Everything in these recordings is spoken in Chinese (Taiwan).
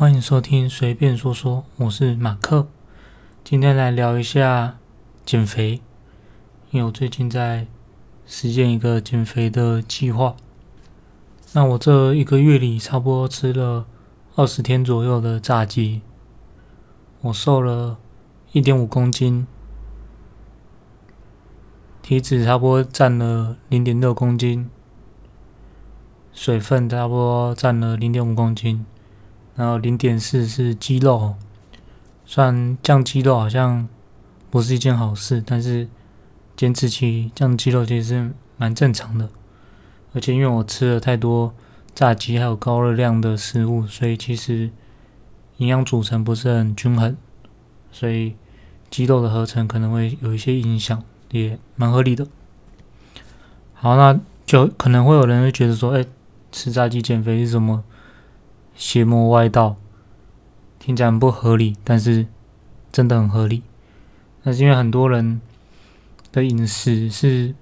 歡迎收聽《隨便說說》，我是馬克。今天來聊一下減肥，因為我最近在實踐一個減肥的計劃。那我這一個月裡，差不多吃了二十天左右的炸雞，我瘦了一點五公斤，體脂差不多佔了零點六公斤，水分差不多佔了零點五公斤。然後零點四是肌肉，雖然降肌肉好像不是一件好事，但是減脂期降肌肉其實是蠻正常的。而且因為我吃了太多炸雞還有高熱量的食物，所以其實營養組成不是很均衡，所以肌肉的合成可能會有一些影響，也蠻合理的。好，那就可能會有人會覺得說，哎，吃炸雞減肥是什麼？邪魔外道，聽起來很不合理，但是真的很合理。那因為很多人的飲食是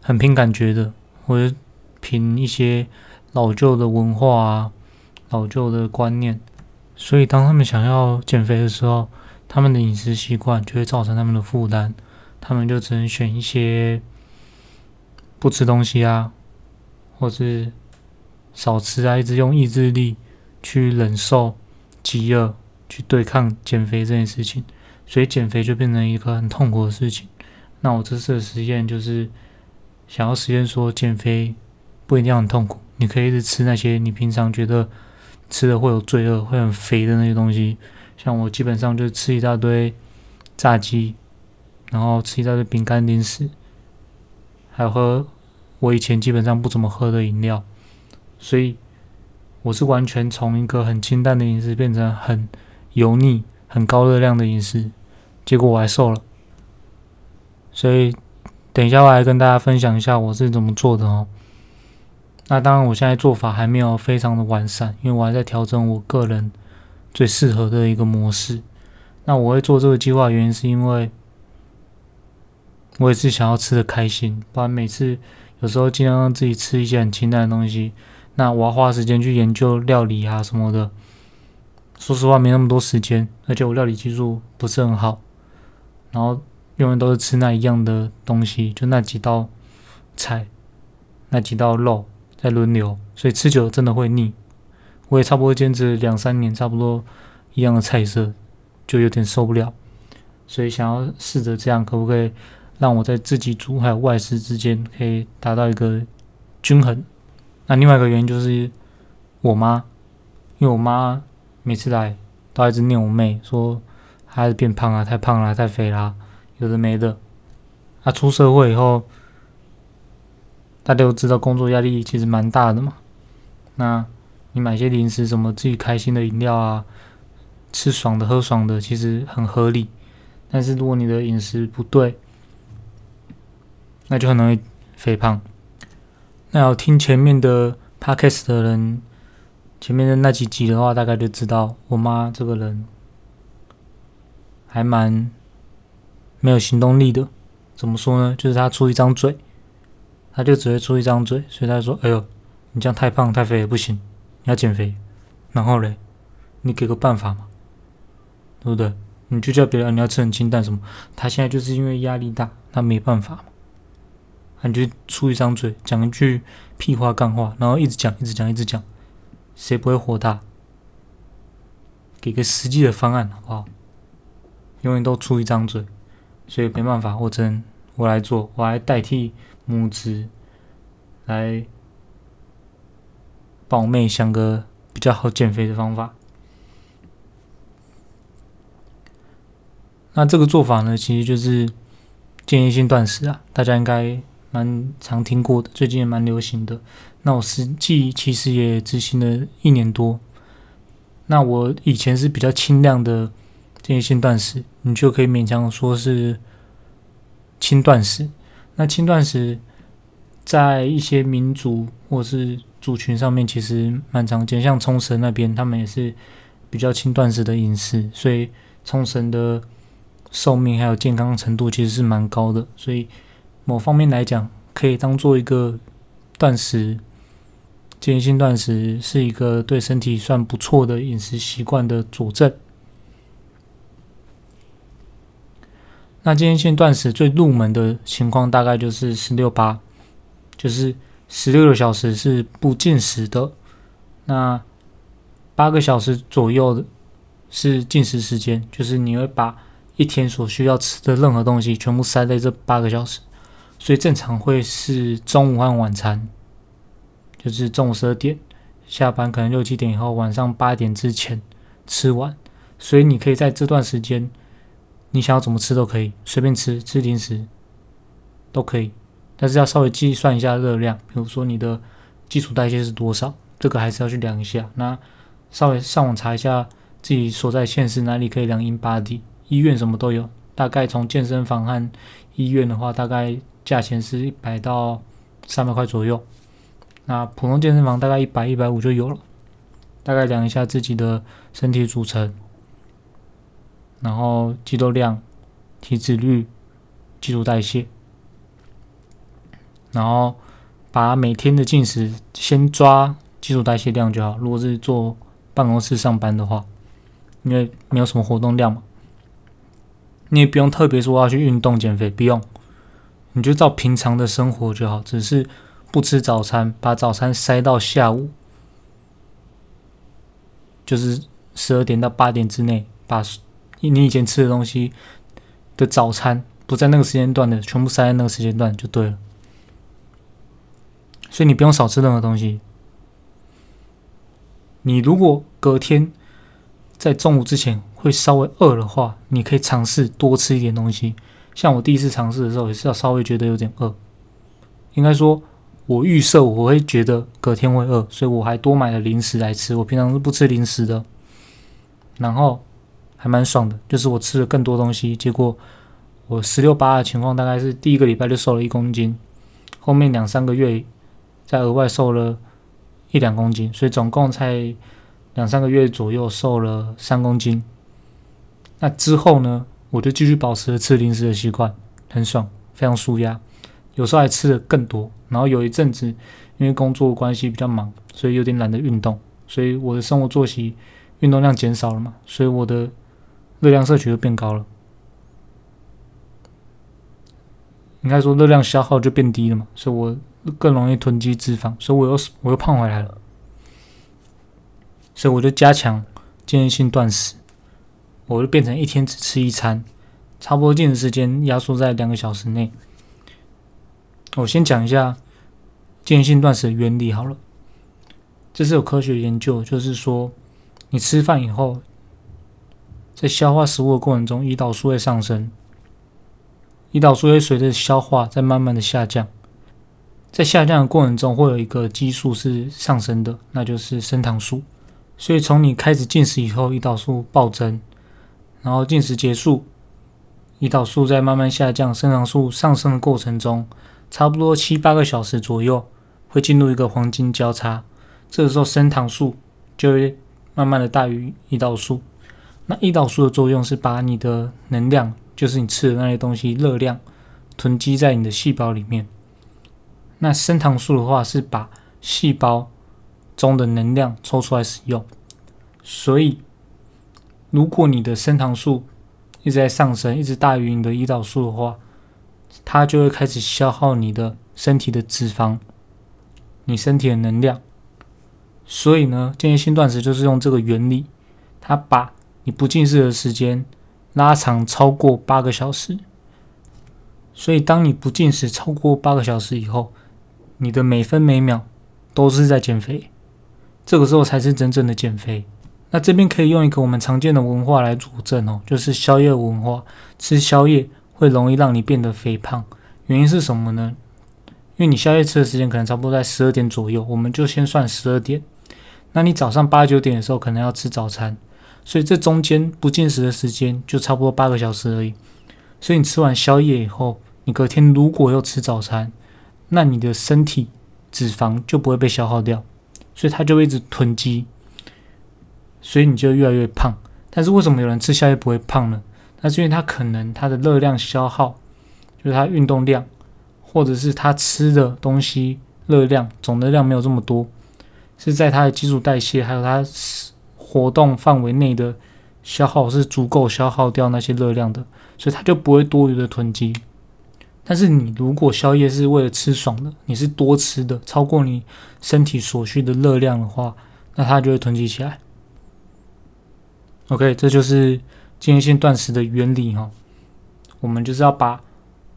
很憑感覺的，或者憑一些老舊的文化啊、老舊的觀念，所以當他們想要減肥的時候，他們的飲食習慣就會造成他們的負擔，他們就只能選一些不吃東西啊，或是。少吃啊，一直用意志力去忍受飢餓，去對抗減肥這件事情，所以減肥就變成一個很痛苦的事情。那我這次的實驗就是想要實驗說，減肥不一定很痛苦，你可以一直吃那些你平常覺得吃了會有罪惡、會很肥的那些東西，像我基本上就吃一大堆炸雞，然後吃一大堆餅乾零食，還有喝我以前基本上不怎麼喝的飲料。所以我是完全從一個很清淡的飲食變成很油膩、很高熱量的飲食，結果我還瘦了。所以等一下，我來跟大家分享一下我是怎麼做的哦。那當然，我現在做法還沒有非常的完善，因為我還在調整我個人最適合的一個模式。那我會做這個計劃，原因是因為我也是想要吃得開心，不然每次有時候盡量讓自己吃一些很清淡的東西。那我要花時間去研究料理啊什麼的，說實話沒那麼多時間，而且我料理技術不是很好，然後永遠都是吃那一樣的東西，就那幾道菜，那幾道肉在輪流，所以吃久了真的會膩。我也差不多堅持兩三年，差不多一樣的菜色就有點受不了，所以想要試着這樣，可不可以讓我在自己煮還有外食之間可以達到一個均衡。那另外一個原因就是，我媽，因為我媽每次來都一直念我妹，說她還是變胖了啊，太胖了啊，太肥了啊，有的沒的。啊，出社會以後，大家都知道工作壓力其實蠻大的嘛。那你買些零食，什麼自己開心的飲料啊，吃爽的，喝爽的，其實很合理。但是如果你的飲食不對，那就很容易肥胖。那要聽前面的 podcast 的人，前面的那幾集的話，大概就知道我媽這個人還蠻沒有行動力的。怎麼說呢？就是她出一張嘴，她就只會出一張嘴，所以她說：“哎呦，你這樣太胖太肥也不行，你要減肥。”然後嘞，你給個辦法嘛，對不對？你就叫別人、啊、你要吃很清淡什麼。她現在就是因為壓力大，那沒辦法嘛。你就出一張嘴，講一句屁話、幹話，然後一直講、一直講、一直講，誰不會火大？給個實際的方案好不好？永遠都出一張嘴，所以沒辦法成，我真我來做，我來代替母子來幫我妹想個比較好減肥的方法。那這個做法呢，其實就是建議性斷食啊，大家應該。蠻常聽過的，最近也蠻流行的。那我實際其實也執行了一年多。那我以前是比較輕量的，這些輕斷食，你就可以勉強說是輕斷食。那輕斷食在一些民族或是族群上面其實蠻常見，像沖繩那邊他們也是比較輕斷食的飲食，所以沖繩的壽命還有健康程度其實是蠻高的，所以。某方面來講，可以當做一個斷食，間歇性斷食是一個對身體算不錯的飲食習慣的佐證。那間歇性斷食最入門的情況大概就是十六八，就是十六個小時是不進食的，那八個小時左右的是進食時間，就是你會把一天所需要吃的任何東西全部塞在這八個小時。所以正常會是中午和晚餐，就是中午十二點下班，可能六七點以後，晚上八點之前吃完。所以你可以在這段時間，你想要怎麼吃都可以，隨便吃，吃零食都可以，但是要稍微計算一下熱量，比如說你的基礎代謝是多少，這個還是要去量一下。那稍微上網查一下自己所在縣市哪裡可以量 InBody，醫院什麼都有。大概從健身房和醫院的話，大概。價錢是一百到三百塊左右，那普通健身房大概一百一百五就有了，大概量一下自己的身體組成，然後肌肉量、體脂率、基礎代謝，然後把每天的進食先抓基礎代謝量就好。如果是坐辦公室上班的話，因為沒有什麼活動量嘛，你也不用特別說要去運動減肥，不用。你就照平常的生活就好，只是不吃早餐，把早餐塞到下午，就是十二點到八點之內，把你以前吃的東西的早餐不在那個時間段的，全部塞在那個時間段就對了。所以你不用少吃任何東西。你如果隔天在中午之前會稍微餓的話，你可以嘗試多吃一點東西。像我第一次嘗試的時候，也是要稍微覺得有點餓。應該說，我預設我會覺得隔天會餓，所以我還多買了零食來吃。我平常是不吃零食的，然後還蠻爽的，就是我吃了更多東西。結果我十六八的情況，大概是第一個禮拜就瘦了一公斤，後面兩三個月再額外瘦了一兩公斤，所以總共才兩三個月左右瘦了三公斤。那之後呢？我就繼續保持着吃零食的習慣，很爽，非常舒壓。有時候還吃得更多。然後有一陣子，因為工作關係比較忙，所以有點懶得運動，所以我的生活作息、運動量減少了嘛，所以我的熱量攝取就變高了。應該說熱量消耗就變低了嘛，所以我更容易囤積脂肪，所以我又我又胖回來了。所以我就加強間歇性斷食。我就變成一天只吃一餐，差不多進食時間壓縮在兩個小時內。我先講一下間歇性斷食的原理好了，這是有科學研究，就是說你吃飯以後，在消化食物的過程中，胰島素會上升，胰島素會隨着消化在慢慢的下降，在下降的過程中會有一個激素是上升的，那就是升糖素。所以從你開始進食以後，胰島素暴增。然後進食結束，胰島素在慢慢下降，升糖素上升的過程中，差不多七八個小時左右會進入一個黃金交叉，這個時候升糖素就會慢慢的大於胰島素。那胰島素的作用是把你的能量，就是你吃的那些東西熱量，囤積在你的細胞裡面。那升糖素的話是把細胞中的能量抽出來使用，所以。如果你的升糖素一直在上升，一直大於你的胰島素的話，它就會開始消耗你的身體的脂肪，你身體的能量。所以呢，間歇性斷食就是用這個原理，它把你不進食的時間拉長超過八個小時。所以當你不進食超過八個小時以後，你的每分每秒都是在減肥，這個時候才是真正的減肥。那這邊可以用一個我們常見的文化來佐證哦，就是宵夜文化，吃宵夜會容易讓你變得肥胖，原因是什麼呢？因為你宵夜吃的時間可能差不多在十二點左右，我們就先算十二點。那你早上八九點的時候可能要吃早餐，所以這中間不進食的時間就差不多八個小時而已。所以你吃完宵夜以後，你隔天如果又吃早餐，那你的身體脂肪就不會被消耗掉，所以它就會一直囤積。所以你就越來越胖，但是為什麼有人吃宵夜不會胖呢？那是因為他可能他的熱量消耗，就是他運動量，或者是他吃的東西熱量總的量沒有這麼多，是在他的基礎代謝還有他活動範圍內的消耗是足夠消耗掉那些熱量的，所以他就不會多餘的囤積。但是你如果宵夜是為了吃爽的，你是多吃的，超過你身體所需的熱量的話，那它就會囤積起來。OK，這就是間歇性斷食的原理哈、哦。我們就是要把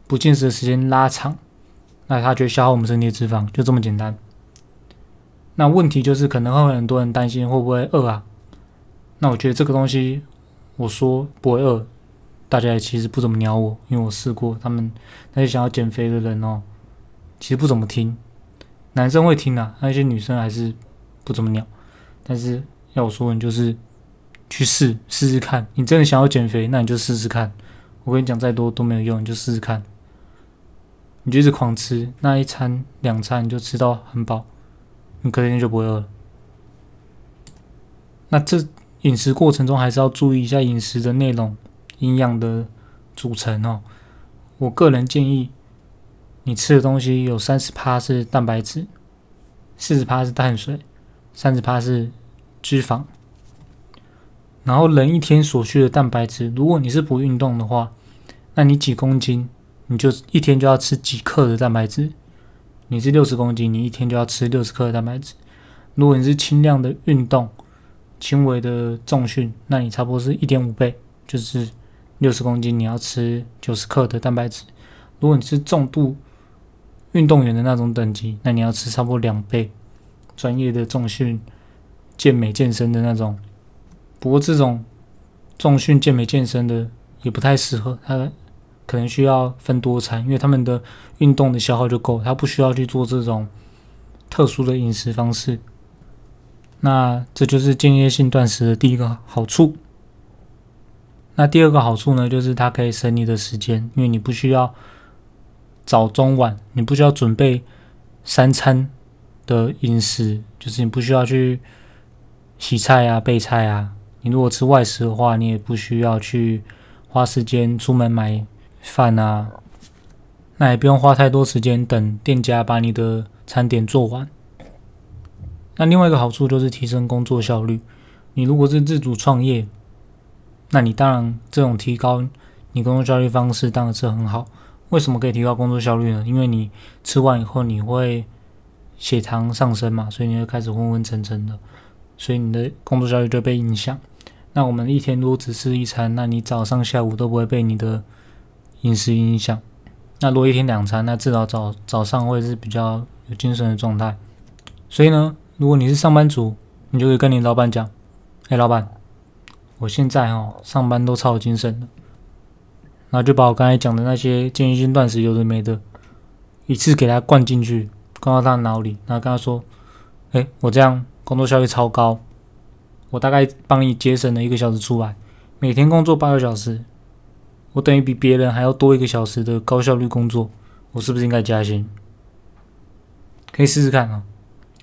不進食的時間拉長，那它就會消耗我們身體的脂肪，就這麼簡單。那問題就是可能會很多人擔心會不會餓啊？那我覺得這個東西我說不會餓，大家也其實不怎麼鳥我，因為我試過，他們那些想要減肥的人哦，其實不怎麼聽。男生會聽啊，那些女生還是不怎麼鳥。但是要我說，你就是。去試試試看，你真的想要減肥，那你就試試看。我跟你講再多都沒有用，你就試試看。你就是狂吃，那一餐兩餐你就吃到很飽，你隔天就不會餓了。那這飲食過程中還是要注意一下飲食的內容、營養的組成哦。我個人建議，你吃的東西有三十趴是蛋白質，四十趴是碳水，三十趴是脂肪。然後人一天所需的蛋白質，如果你是不運動的話，那你幾公斤你就一天就要吃幾克的蛋白質。你是六十公斤，你一天就要吃六十克的蛋白質。如果你是輕量的運動、輕微的重訓，那你差不多是一點五倍，就是六十公斤你要吃九十克的蛋白質。如果你是重度運動員的那種等級，那你要吃差不多兩倍，專業的重訓、健美健身的那種。不過這種重訓、健美、健身的也不太適合，他可能需要分多餐，因為他們的運動的消耗就夠，他不需要去做這種特殊的飲食方式。那這就是間歇性斷食的第一個好處。那第二個好處呢，就是它可以省你的時間，因為你不需要早中晚，你不需要準備三餐的飲食，就是你不需要去洗菜啊、備菜啊。你如果吃外食的話，你也不需要去花時間出門買飯啊，那也不用花太多時間等店家把你的餐點做完。那另外一個好處就是提升工作效率。你如果是自主創業，那你當然這種提高你工作效率方式當然是很好。為什麼可以提高工作效率呢？因為你吃完以後你會血糖上升嘛，所以你會開始昏昏沉沉的，所以你的工作效率就被影響。那我們一天如果只吃一餐，那你早上下午都不會被你的飲食影響。那如果一天兩餐，那至少早早上會是比較有精神的狀態。所以呢，如果你是上班族，你就可以跟你老闆講：“哎，老闆，我現在哦上班都超有精神的。”然後就把我剛才講的那些間歇性斷食有的沒的，一次給他灌進去，灌到他的腦裡，然後跟他說：“哎，我這樣工作效率超高。”我大概幫你節省了一個小時出來，每天工作八個小時，我等於比別人還要多一個小時的高效率工作，我是不是應該加薪？可以試試看啊，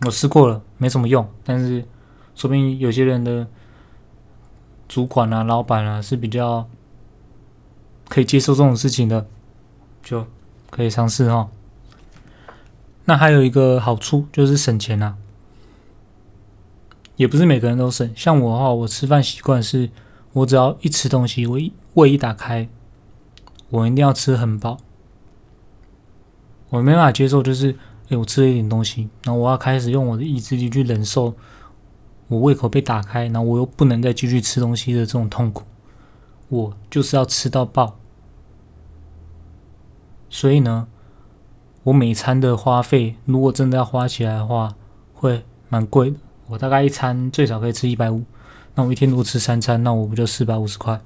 我試過了，沒什麼用，但是說不定有些人的主管啊、老闆啊是比較可以接受這種事情的，就可以嘗試哦。那還有一個好處就是省錢啊。也不是每個人都省，像我的話，我吃飯習慣是我只要一吃東西，我胃一打開，我一定要吃很飽。我沒辦法接受，就是哎、欸，我吃了一點東西，然後我要開始用我的意志力去忍受我胃口被打開，然後我又不能再繼續吃東西的這種痛苦。我就是要吃到爆。所以呢，我每餐的花費如果真的要花起來的話，會蠻貴的。我大概一餐最少可以吃一百五，那我一天如果吃三餐，那我不就四百五十塊？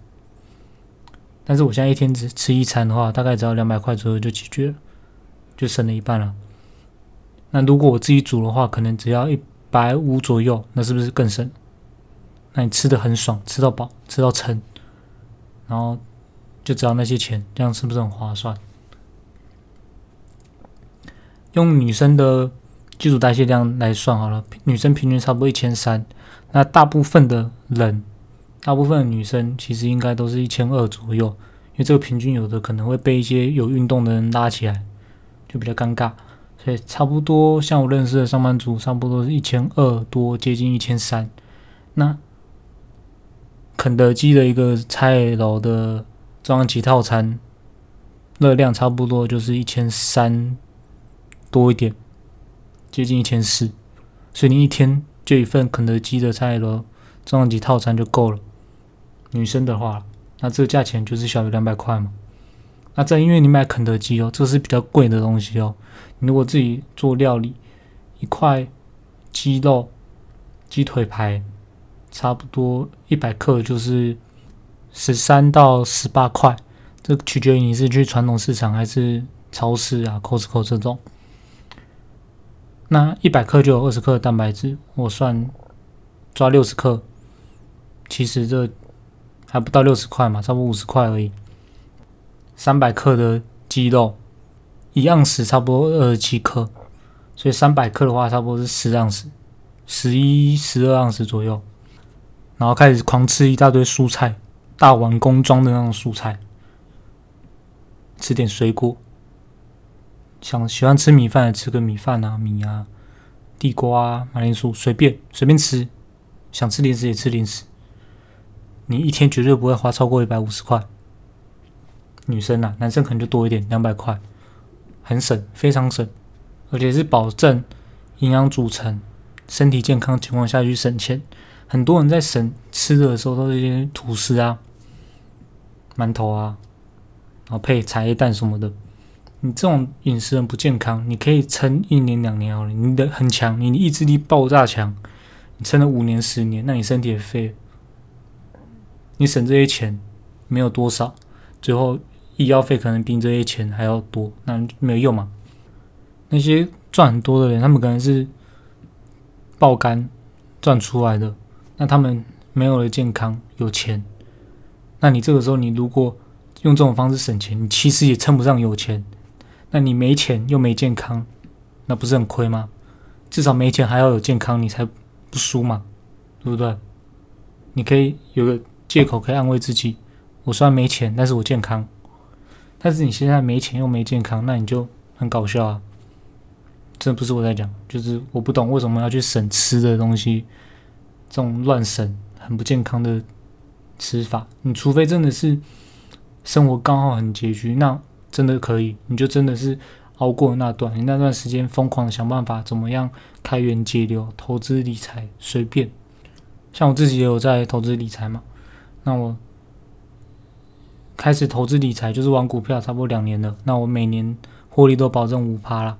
但是我現在一天只吃一餐的話，大概只要兩百塊左右就解決了，就省了一半了。那如果我自己煮的話，可能只要一百五左右，那是不是更省？那你吃的很爽，吃到飽，吃到撐，然後就只要那些錢，這樣是不是很划算？用女生的。基礎代謝量來算好了，女生平均差不多一千三，那大部分的人，大部分的女生其實應該都是一千二左右，因為這個平均有的可能會被一些有運動的人拉起來，就比較尷尬，所以差不多像我認識的上班族，差不多是一千二多，接近一千三。那肯德基的一個菜樓的雙吉套餐，熱量差不多就是一千三多一點。接近一千四，所以你一天就一份肯德基的菜咯，中檔級套餐就夠了。女生的話，那這個價錢就是小於兩百塊嘛。那再因為你買肯德基哦，這是比較貴的東西哦。你如果自己做料理，一塊雞肉雞腿排，差不多一百克就是十三到十八塊。這取決於你是去傳統市場還是超市啊，Costco 這種。那一百克就有二十克的蛋白質，我算抓六十克，其實這還不到六十塊嘛，差不多五十塊而已。三百克的雞肉，一盎司，差不多二十七克，所以三百克的話，差不多是十盎司，十一、十二盎司左右。然後開始狂吃一大堆蔬菜，大碗公裝的那種蔬菜，吃點水果。想喜歡吃米飯，吃個米飯啊米啊，地瓜啊、馬鈴薯，隨便隨便吃。想吃零食也吃零食。你一天絕對不會花超過一百五十塊。女生啊，男生可能就多一點，兩百塊，很省，非常省，而且是保證營養組成、身體健康情況下去省錢。很多人在省吃的時候，都是一些吐司啊、饅頭啊，然後配茶葉蛋什麼的。你這種飲食很不健康，你可以撐一年兩年好了，你的很強，你的意志力爆炸強，你撐了五年十年，那你身體也廢，你省這些錢沒有多少，最後醫藥費可能比這些錢還要多，那沒有用嘛。那些賺很多的人，他們可能是爆肝賺出來的，那他們沒有了健康，有錢，那你這個時候你如果用這種方式省錢，你其實也稱不上有錢。那你沒錢又沒健康，那不是很虧嗎？至少沒錢還要有健康，你才不輸嘛，對不對？你可以有個借口可以安慰自己，我雖然沒錢，但是我健康。但是你現在沒錢又沒健康，那你就很搞笑啊！這不是我在講，就是我不懂為什麼要去省吃的東西，這種亂省很不健康的吃法。你除非真的是生活剛好很拮據，那。真的可以，你就真的是熬過那段，你那段時間瘋狂的想辦法怎麼樣開源節流、投資理財，隨便。像我自己也有在投資理財嘛，那我開始投資理財就是玩股票，差不多兩年了。那我每年獲利都保證五趴啦，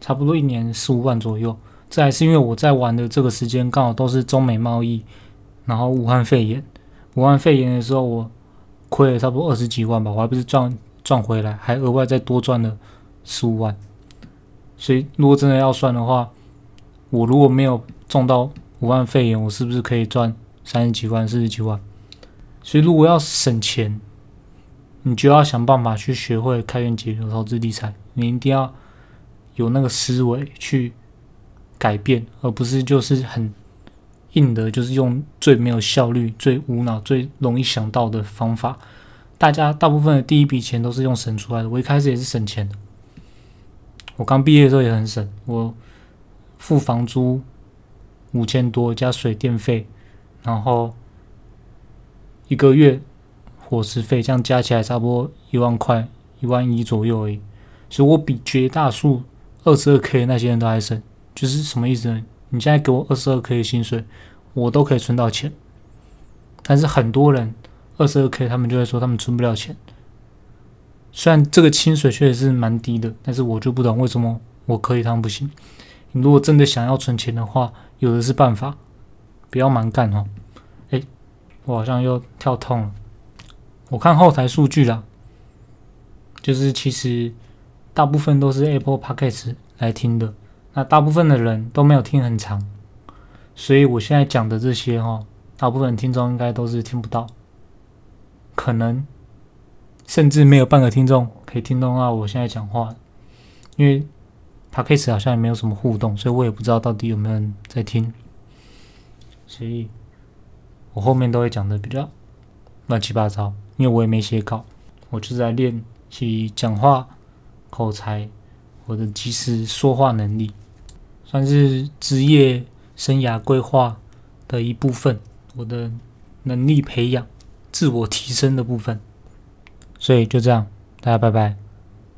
差不多一年十五萬左右。這還是因為我在玩的這個時間剛好都是中美貿易，然後武漢肺炎。武漢肺炎的時候，我虧了差不多二十幾萬吧，我還不是賺。賺回來，還額外再多賺了十五萬，所以如果真的要算的話，我如果沒有中到五萬費用，我是不是可以賺三十幾萬、四十幾萬？所以如果要省錢，你就要想辦法去學會開源節流、投資理財，你一定要有那個思維去改變，而不是就是很硬的，就是用最沒有效率、最無腦、最容易想到的方法。大家大部分的第一筆錢都是用省出來的。我一開始也是省錢的。我剛畢業的時候也很省，我付房租五千多加水電費，然後一個月伙食費這樣加起來差不多一萬塊，一萬一左右而已。所以我比絕大數二十二 k 那些人都還省。就是什麼意思呢？你現在給我二十二 k 的薪水，我都可以存到錢。但是很多人。二十二 k，他們就會說他們存不了錢。雖然這個薪水確實是蠻低的，但是我就不懂為什麼我可以，他們不行。你如果真的想要存錢的話，有的是辦法，不要蠻幹哦。誒，我好像又跳痛了。我看後台數據啦，就是其實大部分都是 Apple Podcasts 來聽的，那大部分的人都沒有聽很長，所以我現在講的這些哦，大部分聽眾應該都是聽不到。可能甚至沒有半個聽眾可以聽懂啊！我現在講話，因為 podcast 好像也沒有什麼互動，所以我也不知道到底有沒有人在聽。所以我後面都會講得比較亂七八糟，因為我也沒寫稿，我就在練習講話口才，我的即時說話能力，算是職業生涯規劃的一部分，我的能力培養。自我提升的部分，所以就這樣，大家拜拜。